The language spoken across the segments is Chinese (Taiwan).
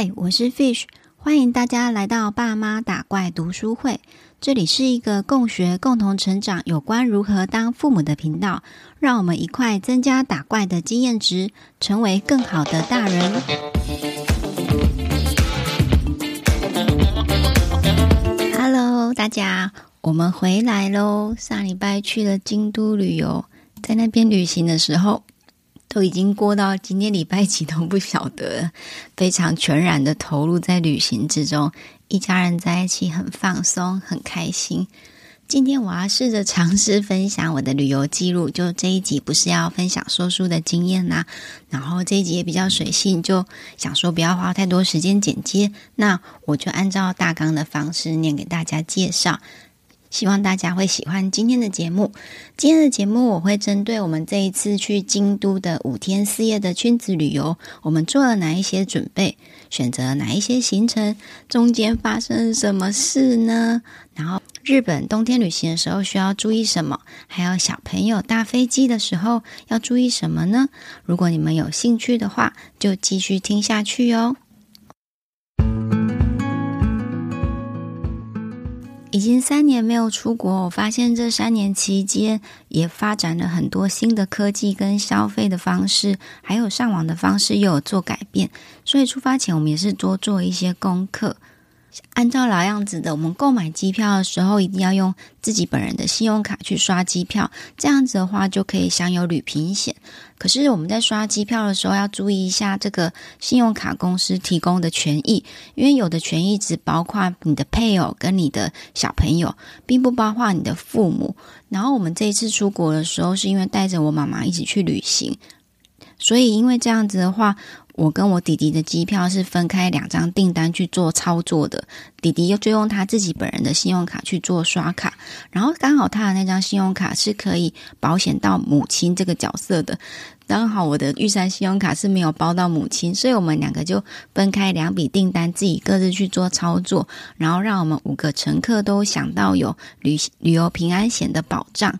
嗨，我是 Fish，歡迎大家來到爸媽打怪讀書會。這裡是一個共學、共同成長有關如何當父母的頻道，讓我們一塊增加打怪的經驗值，成為更好的大人。Hello，大家，我們回來嘍！上禮拜去了京都旅遊，在那邊旅行的時候。都已經過到今天禮拜幾都不曉得，非常全然的投入在旅行之中，一家人在一起很放鬆很開心。今天我要試着嘗試分享我的旅遊記錄，就這一集不是要分享說書的經驗啦、啊。然後這一集也比較隨性，就想說不要花太多時間剪接，那我就按照大綱的方式念給大家介紹。希望大家會喜歡今天的節目。今天的節目我會針對我們這一次去京都的五天四夜的親子旅遊，我們做了哪一些準備？選擇哪一些行程？中間發生什麼事呢？然後日本冬天旅行的時候需要注意什麼？還有小朋友搭飛機的時候要注意什麼呢？如果你們有興趣的話，就繼續聽下去哦。已經三年沒有出國，我發現這三年期間也發展了很多新的科技跟消費的方式，還有上網的方式又有做改變，所以出發前我們也是多做一些功課。按照老樣子的，我們購買機票的時候一定要用自己本人的信用卡去刷機票，這樣子的話就可以享有旅平險。可是我們在刷機票的時候要注意一下這個信用卡公司提供的權益，因為有的權益只包括你的配偶跟你的小朋友，並不包括你的父母。然後我們這一次出國的時候是因為帶着我媽媽一起去旅行，所以因為這樣子的話，我跟我弟弟的機票是分開兩張訂單去做操作的，弟弟又就用他自己本人的信用卡去做刷卡，然後剛好他的那張信用卡是可以保險到母親這個角色的，剛好我的玉山信用卡是沒有包到母親，所以我們兩個就分開兩筆訂單，自己各自去做操作，然後讓我們五個乘客都想到有旅旅遊平安險的保障。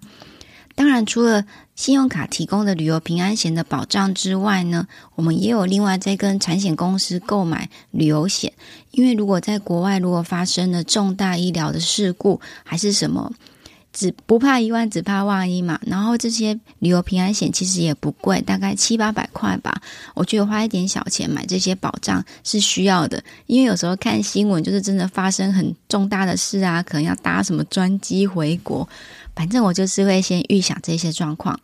當然，除了信用卡提供的旅遊平安險的保障之外呢，我們也有另外在跟產險公司購買旅遊險。因為如果在國外如果發生了重大醫療的事故還是什麼，就不怕一萬，只怕萬一嘛。然後這些旅遊平安險其實也不貴，大概七八百塊吧。我覺得花一點小錢買這些保障是需要的，因為有時候看新聞就是真的發生很重大的事啊，可能要搭什麼專機回國。反正我就是會先預想這些狀況，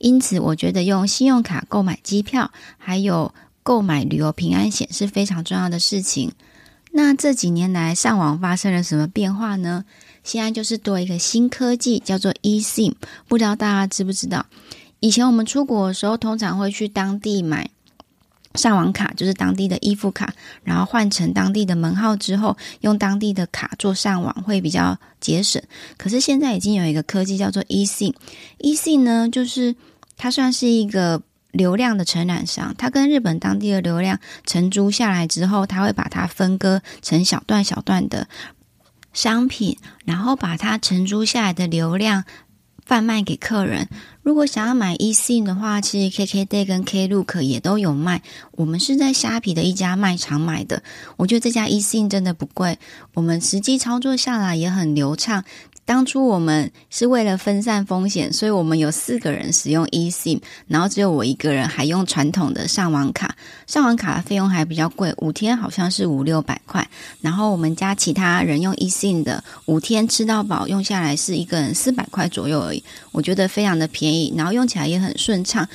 因此我覺得用信用卡購買機票，還有購買旅遊平安險是非常重要的事情。那這幾年來上網發生了什麼變化呢？現在就是多一個新科技叫做 eSIM，不知道大家知不知道？以前我們出國的時候，通常會去當地買。上網卡就是當地的衣服卡，然後換成當地的門號之後，用當地的卡做上網會比較節省。可是現在已經有一個科技叫做 eSIM，eSIM 呢，就是它算是一個流量的承攬商，它跟日本當地的流量承租下來之後，它會把它分割成小段小段的商品，然後把它承租下來的流量。販賣給客人。如果想要買 eSIM 的話，其實 KKday 跟 Klook 也都有賣。我們是在蝦皮的一家賣場買的，我覺得這家 eSIM 真的不貴。我們實際操作下來也很流暢。當初我們是為了分散風險，所以我們有四個人使用 eSIM，然後只有我一個人還用傳統的上網卡。上網卡的費用還比較貴，五天好像是五六百塊。然後我們家其他人用 eSIM 的五天吃到飽，用下來是一個人四百塊左右而已，我覺得非常的便宜，然後用起來也很順暢。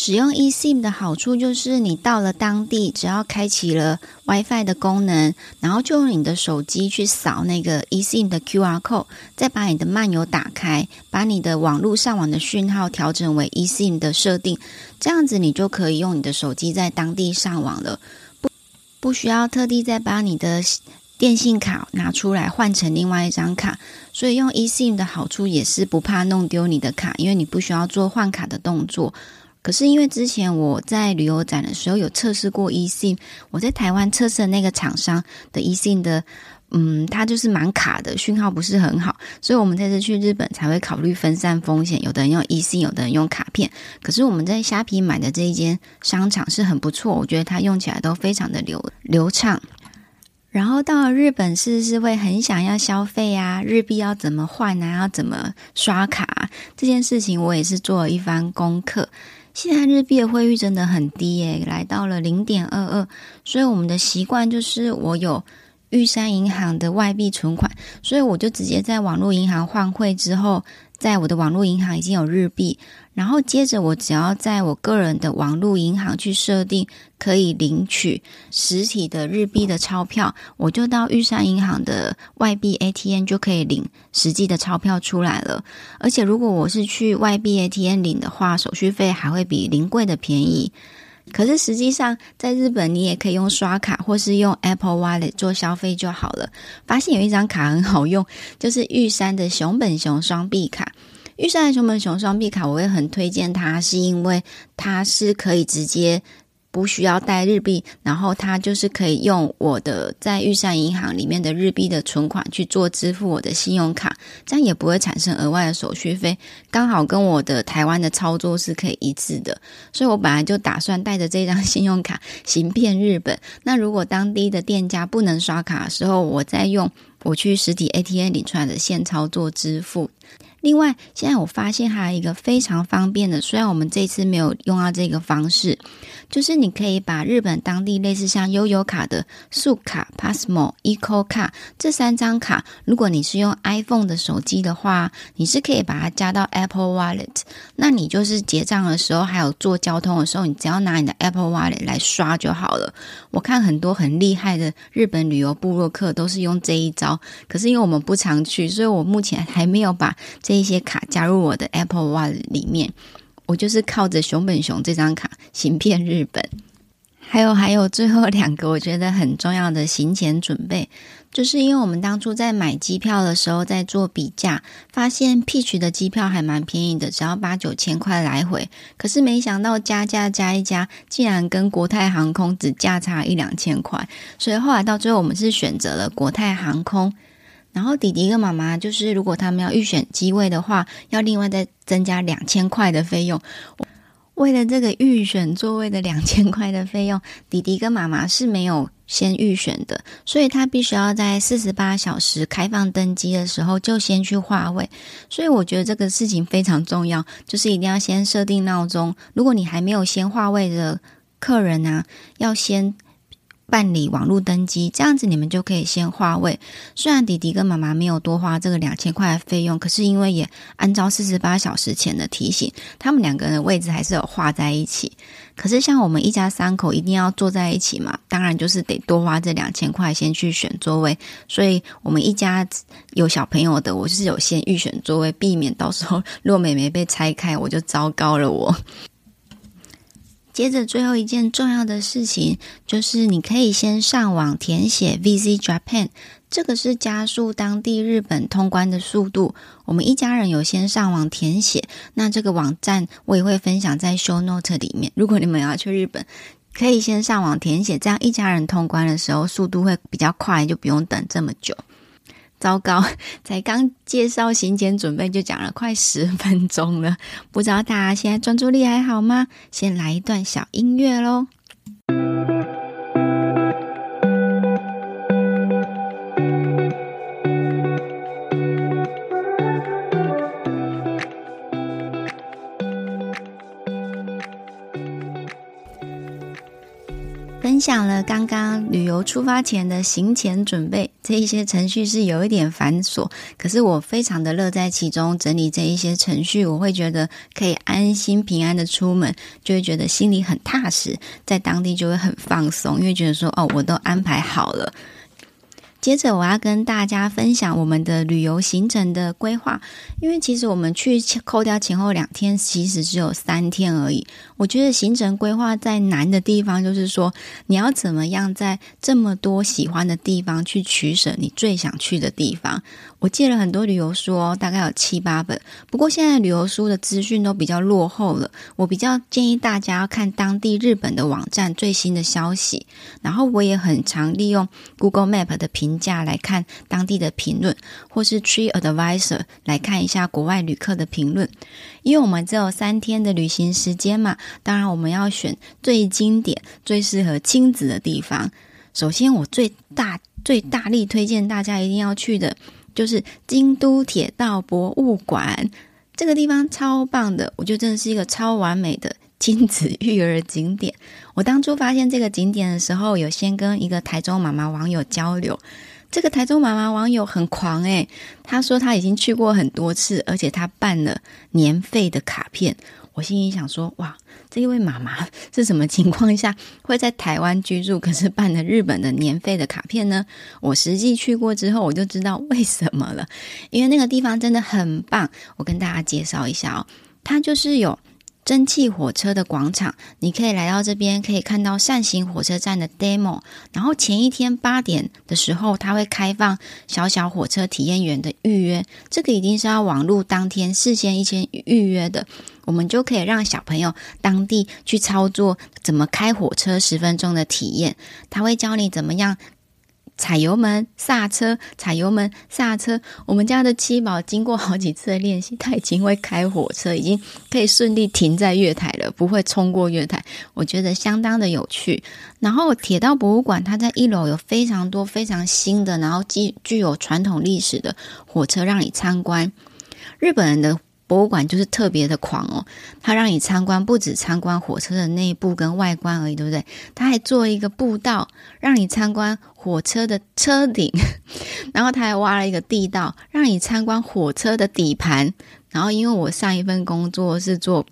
使用 eSIM 的好處就是，你到了當地，只要開啟了 WiFi 的功能，然後就用你的手機去掃那個 eSIM 的 QR code，再把你的漫遊打開，把你的網絡上網的訊號調整為 eSIM 的設定，這樣子你就可以用你的手機在當地上網了，不不需要特地再把你的電信卡拿出來換成另外一張卡。所以用 eSIM 的好處也是不怕弄丟你的卡，因為你不需要做換卡的動作。可是因為之前我在旅遊展的時候有測試過 eSIM 我在台灣測試的那個廠商的 eSIM 的，嗯，它就是蠻卡的，訊號不是很好，所以我們這次去日本才會考慮分散風險，有的人用 eSIM，有的人用卡片。可是我們在蝦皮買的這一間商場是很不錯，我覺得它用起來都非常的流流暢。然後到了日本，是不是會很想要消費啊？日幣要怎麼換呢、啊？要怎麼刷卡、啊？這件事情我也是做了一番功課。現在日幣的匯率真的很低耶，來到了零點二二。所以我們的習慣就是，我有玉山銀行的外幣存款，所以我就直接在網絡銀行換匯之後。在我的網絡銀行已經有日幣，然後接着我只要在我個人的網絡銀行去設定可以領取實體的日幣的鈔票，我就到玉山銀行的外幣 ATM 就可以領實際的鈔票出來了。而且如果我是去外幣 ATM 領的話，手續費還會比臨櫃的便宜。可是實際上，在日本你也可以用刷卡或是用 Apple Wallet 做消費就好了。發現有一張卡很好用，就是玉山的熊本熊雙幣卡。玉山的熊本熊雙幣卡，我也很推薦它，是因為它是可以直接。不需要帶日幣，然後它就是可以用我的在玉山銀行裡面的日幣的存款去做支付我的信用卡，這樣也不會產生額外的手續費，剛好跟我的台灣的操作是可以一致的，所以我本來就打算帶着這張信用卡行遍日本。那如果當地的店家不能刷卡的時候，我再用我去實體 ATM 領出來的現鈔做支付。另外，現在我發現還有一個非常方便的，雖然我們這次沒有用到這個方式，就是你可以把日本當地類似像悠遊卡的 Suica、PASMO、ICOCA 卡這三張卡，如果你是用 iPhone 的手機的話，你是可以把它加到 Apple Wallet。那你就是結賬的時候，還有坐交通的時候，你只要拿你的 Apple Wallet 來刷就好了。我看很多很厲害的日本旅遊部落客都是用這一招，可是因為我們不常去，所以我目前還沒有把。這一些卡加入我的 Apple Wallet 裡面，我就是靠着熊本熊這張卡行遍日本。還有還有最後兩個我覺得很重要的行前準備，就是因為我們當初在買機票的時候在做比價，發現 Peach 的機票還蠻便宜的，只要八九千塊來回。可是沒想到加價加一加，竟然跟國泰航空只價差一兩千塊，所以後來到最後我們是選擇了國泰航空。然後弟弟跟媽媽就是，如果他們要預選機位的話，要另外再增加兩千塊的費用。為了這個預選座位的兩千塊的費用，弟弟跟媽媽是沒有先預選的，所以他必須要在四十八小時開放登機的時候就先去劃位。所以我覺得這個事情非常重要，就是一定要先設定鬧鐘。如果你還沒有先劃位的客人啊，要先。辦理網絡登機，這樣子你們就可以先劃位。雖然弟弟跟媽媽沒有多花這個兩千塊的費用，可是因為也按照四十八小時前的提醒，他們兩個人的位置還是有劃在一起。可是像我們一家三口一定要坐在一起嘛，當然就是得多花這兩千塊先去選座位。所以我們一家有小朋友的，我就是有先預選座位，避免到時候若美眉被拆開，我就糟糕了我。接着最後一件重要的事情，就是你可以先上網填寫 Visit Japan，這個是加速當地日本通關的速度。我們一家人有先上網填寫，那這個網站我也會分享在 Show Note 裡面。如果你們要去日本，可以先上網填寫，這樣一家人通關的時候速度會比較快，就不用等這麼久。糟糕，才剛介紹行前準備就講了快十分鐘了，不知道大家現在專注力還好嗎？先來一段小音樂嘍。分享了剛剛旅遊出發前的行前準備。這一些程序是有一點繁瑣，可是我非常的樂在其中。整理這一些程序，我會覺得可以安心平安的出門，就會覺得心裡很踏實，在當地就會很放鬆，因為覺得說哦，我都安排好了。接着我要跟大家分享我們的旅遊行程的規劃，因為其實我們去扣掉前後兩天，其實只有三天而已。我覺得行程規劃在難的地方，就是說你要怎麼樣在這麼多喜歡的地方去取捨，你最想去的地方。我借了很多旅遊書哦，大概有七八本。不過現在旅遊書的資訊都比較落後了，我比較建議大家要看當地日本的網站最新的消息。然後我也很常利用 Google Map 的評價來看當地的評論，或是 Trip Advisor 來看一下國外旅客的評論。因為我們只有三天的旅行時間嘛，當然我們要選最經典、最適合親子的地方。首先，我最大最大力推薦大家一定要去的。就是京都鐵道博物館，這個地方超棒的，我覺得真的是一個超完美的親子育兒景點。我當初發現這個景點的時候，有先跟一個台中媽媽網友交流，這個台中媽媽網友很狂誒、欸，他說他已經去過很多次，而且他辦了年費的卡片。我心裡想說，哇，這一位媽媽是什麼情況下會在台灣居住？可是辦了日本的年費的卡片呢？我實際去過之後，我就知道為什麼了，因為那個地方真的很棒。我跟大家介紹一下哦，它就是有。蒸汽火車的廣場，你可以來到這邊，可以看到扇形火車站的 demo。然後前一天八點的時候，它會開放小小火車體驗員的預約，這個一定是要網絡當天事先一天預約的。我們就可以讓小朋友當地去操作，怎麼開火車，十分鐘的體驗，他會教你怎麼樣。踩油門剎車，踩油門剎車。我們家的七寶經過好幾次的練習，他已經會開火車，已經可以順利停在月台了，不會衝過月台。我覺得相當的有趣。然後鐵道博物館，它在一樓有非常多非常新的，然後具具有傳統歷史的火車讓你參觀。日本人的博物館就是特別的狂哦，它讓你參觀不只參觀火車的內部跟外觀而已，對不對？它還做一個步道讓你參觀。火車的車頂，然後他還挖了一個地道，讓你參觀火車的底盤。然後，因為我上一份工作是做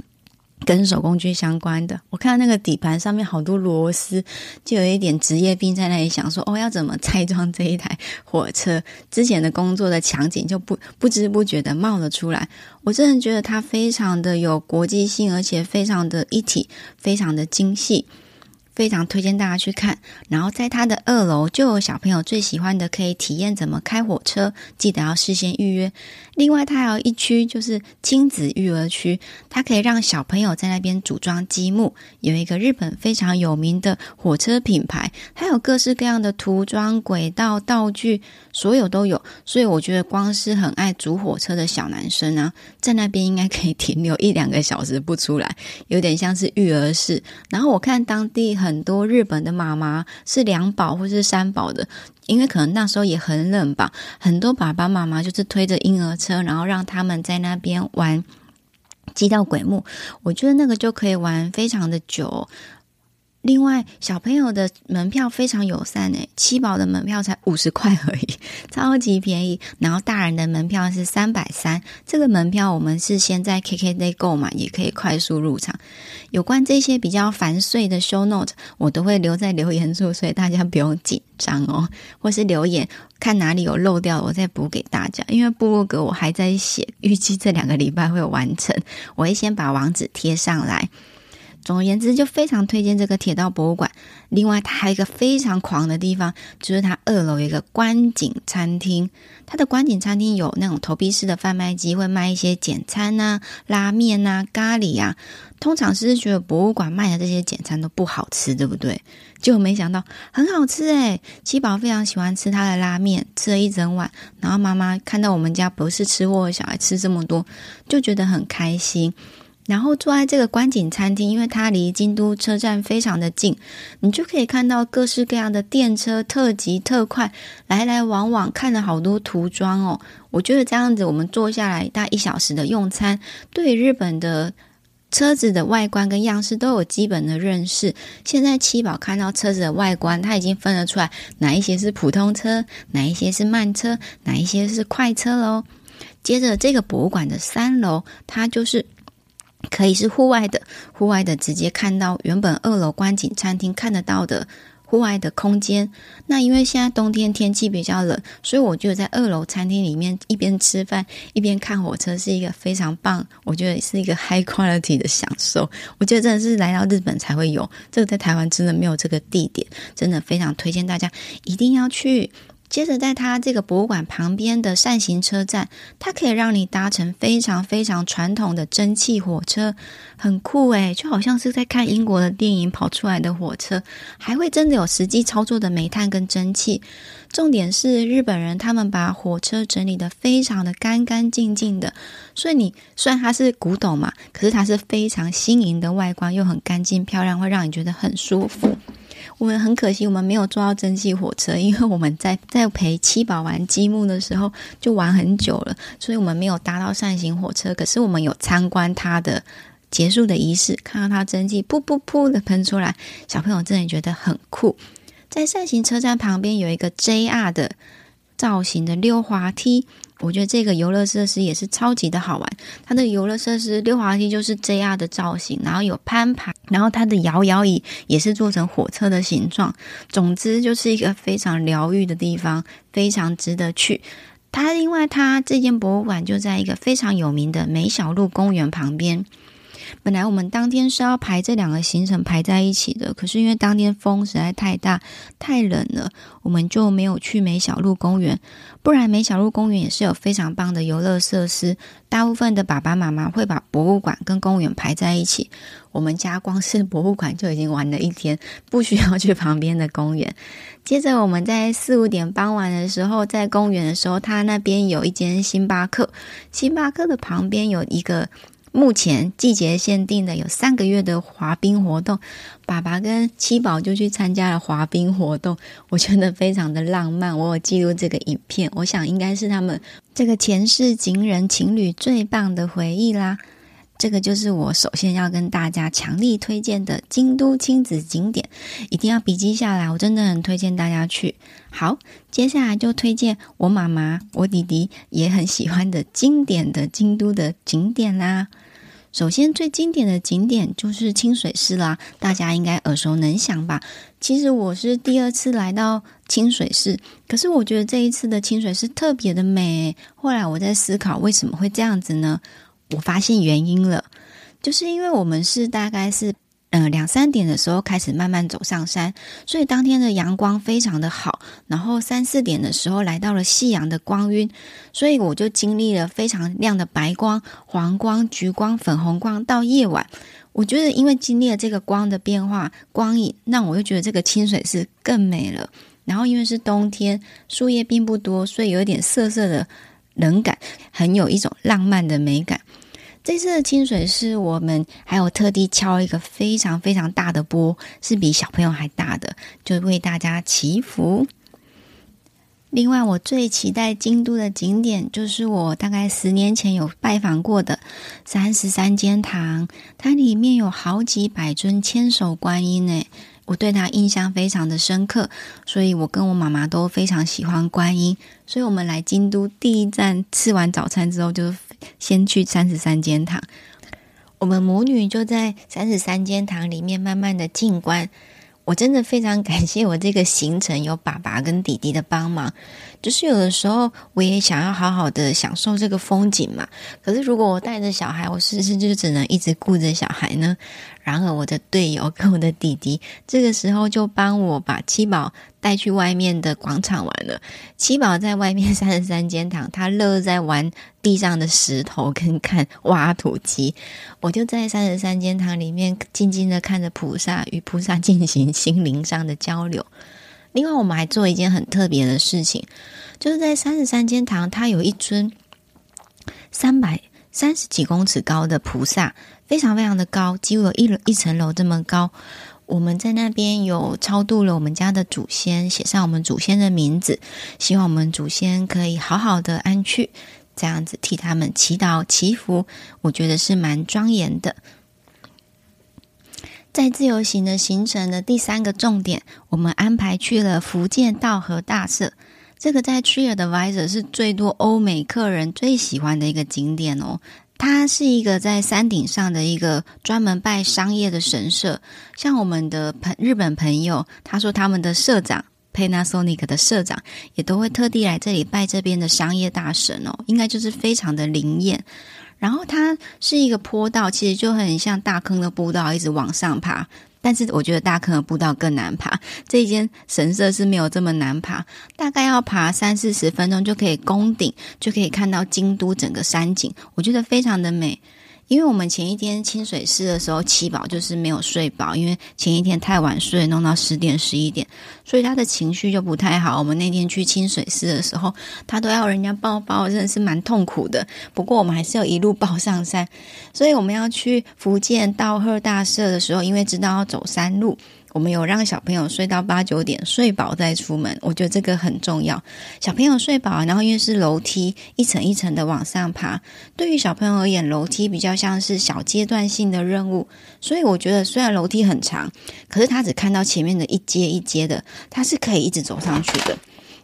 跟手工具相關的，我看到那個底盤上面好多螺絲，就有一點職業病在那裡想說：哦，要怎麼拆裝這一台火車？之前的工作的場景就不不知不覺地冒了出來。我真的覺得它非常的有國際性，而且非常的一體，非常的精細。非常推薦大家去看，然後在他的二樓就有小朋友最喜歡的可以體驗怎麼開火車，記得要事先預約。另外它還有一區就是親子育兒區，它可以讓小朋友在那邊組裝積木，有一個日本非常有名的火車品牌，它有各式各樣的塗裝軌道道具，所有都有。所以我覺得光是很愛組火車的小男生啊，在那邊應該可以停留一兩個小時不出來，有點像是育兒室。然後我看當地很。很多日本的媽媽是兩寶或是三寶的，因為可能那時候也很冷吧，很多爸爸媽媽就是推着嬰兒車，然後讓他們在那邊玩激道鬼木，我覺得那個就可以玩非常的久。另外，小朋友的門票非常友善誒，七寶的門票才五十塊而已，超級便宜。然後大人的門票是三百三，這個門票我們是先在 KKday 購買，也可以快速入場。有關這些比較繁碎的 show note，我都會留在留言處，所以大家不用緊張哦。或是留言看哪裡有漏掉的，我再補給大家。因為部落格我還在寫，預計這兩個禮拜會完成，我會先把網址貼上來。總而言之，就非常推薦這個鐵道博物館。另外，它還有一個非常狂的地方，就是它二樓有一個觀景餐廳。它的觀景餐廳有那種投幣式的販賣機，會賣一些簡餐啊、拉麵啊、咖喱啊。通常是覺得博物館賣的這些簡餐都不好吃，對不對？就沒想到很好吃誒！欸，七寶非常喜歡吃他的拉麵，吃了一整碗。然後媽媽看到我們家不是吃貨的小孩吃這麼多，就覺得很開心。然後坐在這個觀景餐廳，因為它離京都車站非常的近，你就可以看到各式各樣的電車特急、特快來來往往，看了好多塗裝哦。我覺得這樣子，我們坐下來大概一小時的用餐，對日本的車子的外觀跟樣式都有基本的認識。現在七寶看到車子的外觀，它已經分得出來哪一些是普通車，哪一些是慢車，哪一些是快車嘍。接着這個博物館的三樓，它就是。可以是戶外的，戶外的直接看到原本二樓觀景餐廳看得到的戶外的空間。那因為現在冬天天氣比較冷，所以我覺得在二樓餐廳裡面一邊吃飯一邊看火車，是一個非常棒，我覺得是一個 high quality 的享受。我覺得真的是來到日本才會有，這個在台灣真的沒有這個地點，真的非常推薦大家一定要去。接着，在它這個博物館旁邊的扇形車站，它可以讓你搭乘非常非常傳統的蒸汽火車，很酷誒、欸，就好像是在看英國的電影跑出來的火車，還會真的有實際操作的煤炭跟蒸汽。重點是日本人他們把火車整理得非常的乾乾淨淨的，所以你雖然它是古董嘛，可是它是非常新穎的外觀，又很乾淨漂亮，會讓你覺得很舒服。我們很可惜，我們沒有坐到蒸汽火車，因為我們在在陪七寶玩積木的時候就玩很久了，所以我們沒有搭到扇形火車。可是我們有參觀它的結束的儀式，看到它蒸汽噗噗噗的噴出來，小朋友真的覺得很酷。在扇形車站旁邊有一個 JR 的造型的溜滑梯。我覺得這個遊樂設施也是超級的好玩，它的遊樂設施溜滑梯就是 JR 的造型，然後有攀爬，然後它的搖搖椅也是做成火車的形狀，總之就是一個非常療愈的地方，非常值得去。它另外，它這間博物館就在一個非常有名的梅小路公園旁邊。本來我們當天是要排這兩個行程排在一起的，可是因為當天風實在太大，太冷了，我們就沒有去梅小路公園。不然，梅小路公園也是有非常棒的遊樂設施。大部分的爸爸媽媽會把博物館跟公園排在一起。我們家光是博物館就已經玩了一天，不需要去旁邊的公園。接着，我們在四五點傍晚的時候，在公園的時候，他那邊有一間星巴克。星巴克的旁邊有一個。目前季節限定的有三個月的滑冰活動，爸爸跟七寶就去參加了滑冰活動，我覺得非常的浪漫。我有記錄這個影片，我想應該是他們這個前世情人情侶最棒的回憶啦。這個就是我首先要跟大家強力推薦的京都親子景點，一定要筆記下來。我真的很推薦大家去。好，接下來就推薦我媽媽、我弟弟也很喜歡的經典的京都的景點啦。首先，最經典的景點就是清水寺啦，大家應該耳熟能詳吧。其實我是第二次來到清水寺，可是我覺得這一次的清水寺特別的美。後來我在思考為什麼會這樣子呢？我發現原因了，就是因為我們是大概是。嗯、呃，兩三點的時候開始慢慢走上山，所以當天的陽光非常的好。然後三四點的時候來到了夕陽的光暈，所以我就經歷了非常亮的白光、黃光、橘光、粉紅光到夜晚。我覺得因為經歷了這個光的變化、光影，讓我又覺得這個清水寺更美了。然後因為是冬天，樹葉並不多，所以有一點瑟瑟的冷感，很有一種浪漫的美感。這次的清水寺我們還有特地敲一個非常非常大的缽，是比小朋友還大的，就為大家祈福。另外，我最期待京都的景點就是我大概十年前有拜訪過的三十三間堂，它裡面有好幾百尊千手觀音誒，我對它印象非常的深刻，所以我跟我媽媽都非常喜歡觀音，所以我們來京都第一站吃完早餐之後就是。先去三十三間堂，我們母女就在三十三間堂裡面慢慢的靜觀。我真的非常感謝我這個行程有爸爸跟弟弟的幫忙。就是有的時候我也想要好好的享受這個風景嘛，可是如果我帶着小孩，我是不是就只能一直顧着小孩呢？然而我的隊友跟我的弟弟這個時候就幫我把七寶。帶去外面的廣場玩了。七寶在外面三十三間堂，他樂在玩地上的石頭跟看挖土機。我就在三十三間堂裡面靜靜的看着菩薩與菩薩進行心靈上的交流。另外，我們還做一件很特別的事情，就是在三十三間堂，他有一尊三百三十幾公尺高的菩薩，非常非常的高，幾乎有一樓一層樓這麼高。我們在那邊有超度了我們家的祖先，寫上我們祖先的名字，希望我們祖先可以好好的安去，這樣子替他們祈禱祈福，我覺得是蠻莊嚴的。在自由行的行程的第三個重點，我們安排去了伏見稻荷大社，這個在 TripAdvisor 是最多歐美客人最喜歡的一個景點哦。他是一個在山頂上的一個專門拜商業的神社，像我們的朋日本朋友，他說他們的社長，Panasonic 的社長也都會特地來這裡拜這邊的商業大神哦，應該就是非常的靈驗。然後他是一個坡道，其實就很像大坑的步道，一直往上爬。但是我覺得大坑的步道更難爬，這一間神社是沒有這麼難爬，大概要爬三四十分鐘就可以攻頂，就可以看到京都整個山景，我覺得非常的美。因為我們前一天清水寺的時候，七寶就是沒有睡飽，因為前一天太晚睡，弄到十點十一點，所以他的情緒就不太好。我們那天去清水寺的時候，他都要人家抱抱，真的是蠻痛苦的。不過我們還是要一路抱上山，所以我們要去伏見稻荷大社的時候，因為知道要走山路，我們有讓小朋友睡到八九點，睡飽再出門，我覺得這個很重要。小朋友睡飽，然後因為是樓梯，一層一層的往上爬，對於小朋友而言，樓梯比較像是小階段性的任務，所以我覺得雖然樓梯很長，可是他只看到前面的一階一階的，他是可以一直走上去的。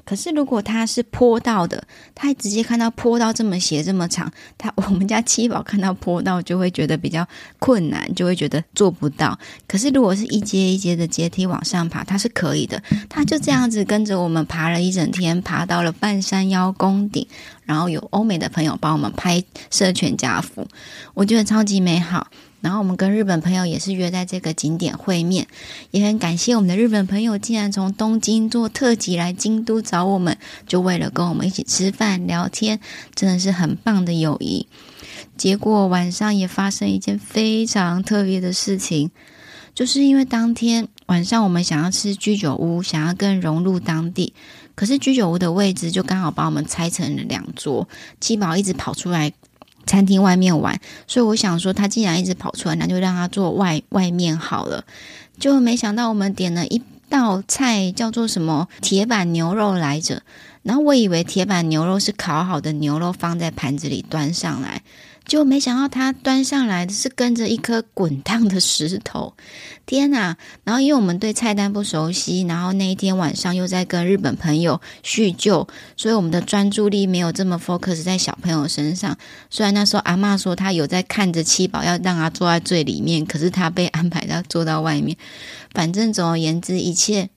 可是，如果他是坡道的，他直接看到坡道這麼斜、這麼長，他我們家七寶看到坡道就會覺得比較困難，就會覺得做不到。可是，如果是一階一階的階梯往上爬，他是可以的。他就這樣子跟着我們爬了一整天，爬到了半山腰宮頂，然後有歐美的朋友幫我們拍攝全家福，我覺得超級美好。然後我們跟日本朋友也是約在這個景點會面，也很感謝我們的日本朋友竟然從東京坐特急來京都找我們，就為了跟我們一起吃飯聊天，真的是很棒的友誼。結果晚上也發生一件非常特別的事情，就是因為當天晚上我們想要吃居酒屋，想要更融入當地，可是居酒屋的位置就剛好把我們拆成了兩桌，七寶一直跑出來餐廳外面玩，所以我想說，他既然一直跑出來，那就讓他坐外外面好了。就沒想到我們點了一道菜叫做什麼鐵板牛肉來着，然後我以為鐵板牛肉是烤好的牛肉放在盤子裡端上來。就沒想到他端上來的是跟着一顆滾燙的石頭，天吶，然後因為我們對菜單不熟悉，然後那一天晚上又在跟日本朋友敘舊，所以我們的專注力沒有這麼 focus 在小朋友身上。雖然那時候阿嬤說他有在看着七寶，要讓他坐在最裡面，可是他被安排到坐到外面。反正總而言之，一切。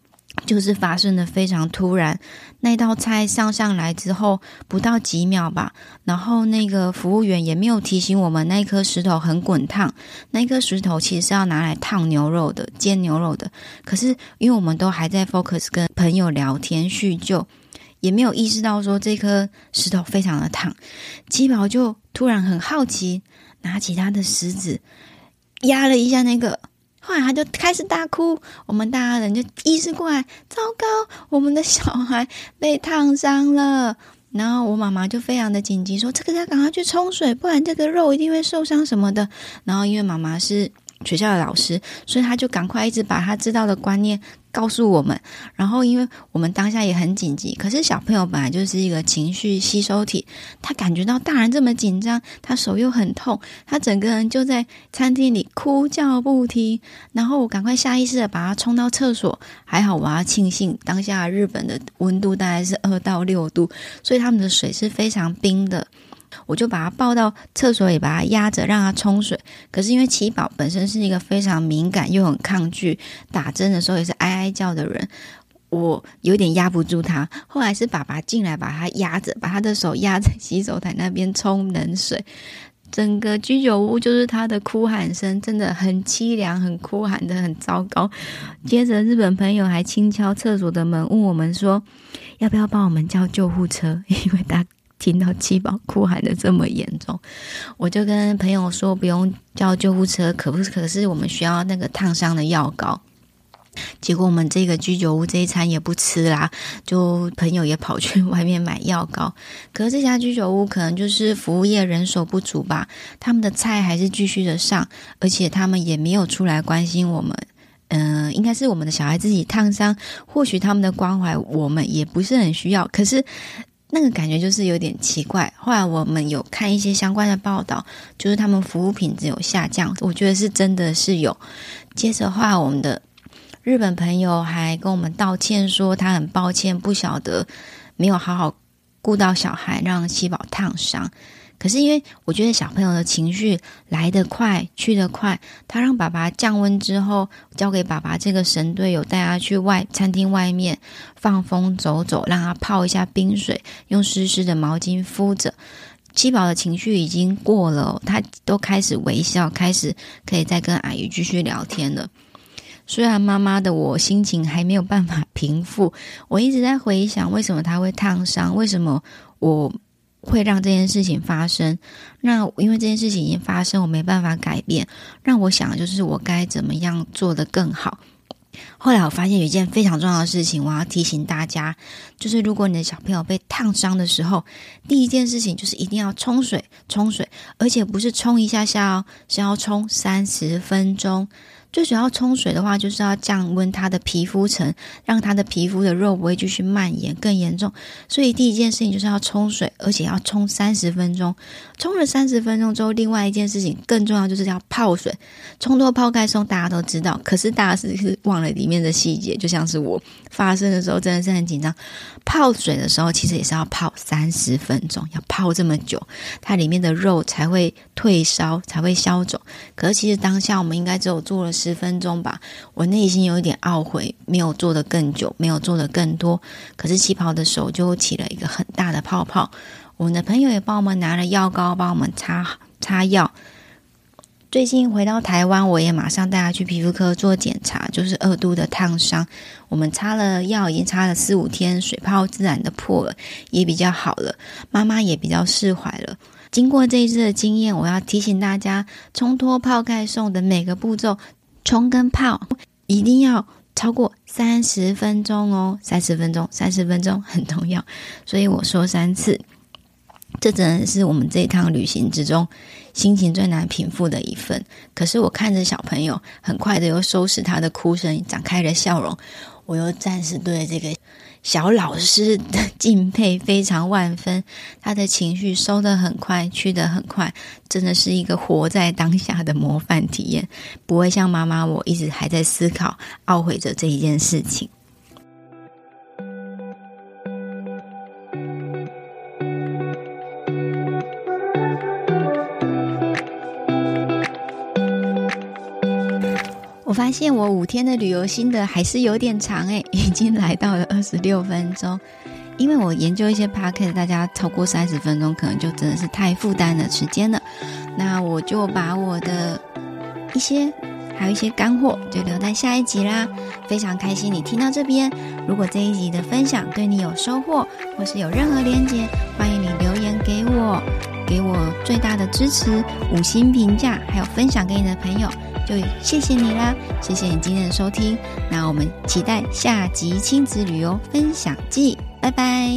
就是發生的非常突然，那道菜上上來之後不到幾秒吧，然後那個服務員也沒有提醒我們，那顆石頭很滾燙，那顆石頭其實是要拿來燙牛肉的，煎牛肉的。可是因為我們都還在 focus 跟朋友聊天敘舊，也沒有意識到說這顆石頭非常的燙。七寶就突然很好奇，拿起他的食指壓了一下那個。後來他就開始大哭，我們大人就意識過來，糟糕，我們的小孩被燙傷了。然後我媽媽就非常的緊急說：“這個要趕快去沖水，不然這個肉一定會受傷什麼的。”然後因為媽媽是學校的老師，所以他就趕快一直把他知道的觀念告訴我們。然後，因為我們當下也很緊急，可是小朋友本來就是一個情緒吸收體，他感覺到大人這麼緊張，他手又很痛，他整個人就在餐廳裡哭叫不停。然後我趕快下意識的把他沖到廁所，還好我要慶幸當下日本的溫度大概是二到六度，所以他們的水是非常冰的。我就把他抱到廁所裡，把他壓着，讓他沖水。可是因為七寶本身是一個非常敏感又很抗拒打針的時候，也是哀哀叫的人，我有點壓不住他。後來是爸爸進來，把他壓着，把他的手壓在洗手台那邊沖冷水。整個居酒屋就是他的哭喊聲，真的很淒涼，很哭喊的很糟糕。接着日本朋友還輕敲廁所的門，問我們說要不要幫我們叫救護車，因為他。聽到七寶哭喊得這麼嚴重，我就跟朋友說不用叫救護車，可不可是我們需要那個燙傷的藥膏？結果我們這個居酒屋這一餐也不吃啦，就朋友也跑去外面買藥膏。可是，這家居酒屋可能就是服務業人手不足吧，他們的菜還是繼續的上，而且他們也沒有出來關心我們。嗯，應該是我們的小孩自己燙傷，或許他們的關懷我們也不是很需要，可是。那個感覺就是有點奇怪。後來我們有看一些相關的報道，就是他們服務品質有下降。我覺得是真的是有。接着，後來我們的日本朋友還跟我們道歉，說他很抱歉，不曉得沒有好好顧到小孩，讓七寶燙傷。可是因為我覺得小朋友的情緒來得快，去得快。他讓爸爸降溫之後，交給爸爸這個神隊友，帶他去外餐廳外面放風走走，讓他泡一下冰水，用濕濕的毛巾敷着。七寶的情緒已經過了哦，他都開始微笑，開始可以再跟阿姨繼續聊天了。雖然媽媽的我心情還沒有辦法平復，我一直在回想為什麼他會燙傷，為什麼我，會讓這件事情發生，那因為這件事情已經發生，我沒辦法改變。那我想的就是，我該怎麼樣做得更好？後來我發現有一件非常重要的事情，我要提醒大家，就是如果你的小朋友被燙傷的時候，第一件事情就是一定要沖水，沖水，而且不是沖一下下哦，是要沖三十分鐘。最主要沖水的話，就是要降溫它的皮膚層，讓它的皮膚的肉不會繼續蔓延更嚴重。所以第一件事情就是要沖水，而且要沖三十分鐘。沖了三十分鐘之後，另外一件事情更重要，就是要泡水。沖脫泡蓋送，大家都知道，可是大家是忘了裡面的細節。就像是我發生的時候，真的是很緊張。泡水的時候，其實也是要泡三十分鐘，要泡這麼久，它裡面的肉才會退燒，才會消腫。可是其實當下我們應該只有做了。十分鐘吧，我內心有一點懊悔，沒有做得更久，沒有做得更多。可是七寶的手就起了一個很大的泡泡，我們的朋友也幫我們拿了藥膏，幫我們擦擦藥。最近回到台灣，我也馬上帶他去皮膚科做檢查，就是二度的燙傷。我們擦了藥，已經擦了四五天，水泡自然的破了，也比較好了。媽媽也比較釋懷了。經過這一次的經驗，我要提醒大家，沖脫泡蓋送的每個步驟。沖跟泡一定要超過三十分鐘哦，三十分鐘，三十分鐘很重要，所以我說三次。這真的是我們這一趟旅行之中心情最難平復的一份。可是我看着小朋友很快的又收拾他的哭聲，展開了笑容，我又暫時對這個。小老師的敬佩非常萬分，他的情緒收得很快，去得很快，真的是一個活在當下的模範體驗，不會像媽媽我一直還在思考，懊悔着這一件事情。我發現我五天的旅遊心得還是有點長哎，已經來到了二十六分鐘，因為我研究一些 Podcast，大家超過三十分鐘可能就真的是太負擔的時間了。那我就把我的一些還有一些乾貨就留在下一集啦。非常開心你聽到這邊，如果這一集的分享對你有收穫或是有任何連結，歡迎你留言給我，給我最大的支持，五星評價，還有分享給你的朋友。就謝謝你啦，謝謝你今天的收聽，那我們期待下集親子旅遊分享季，拜拜。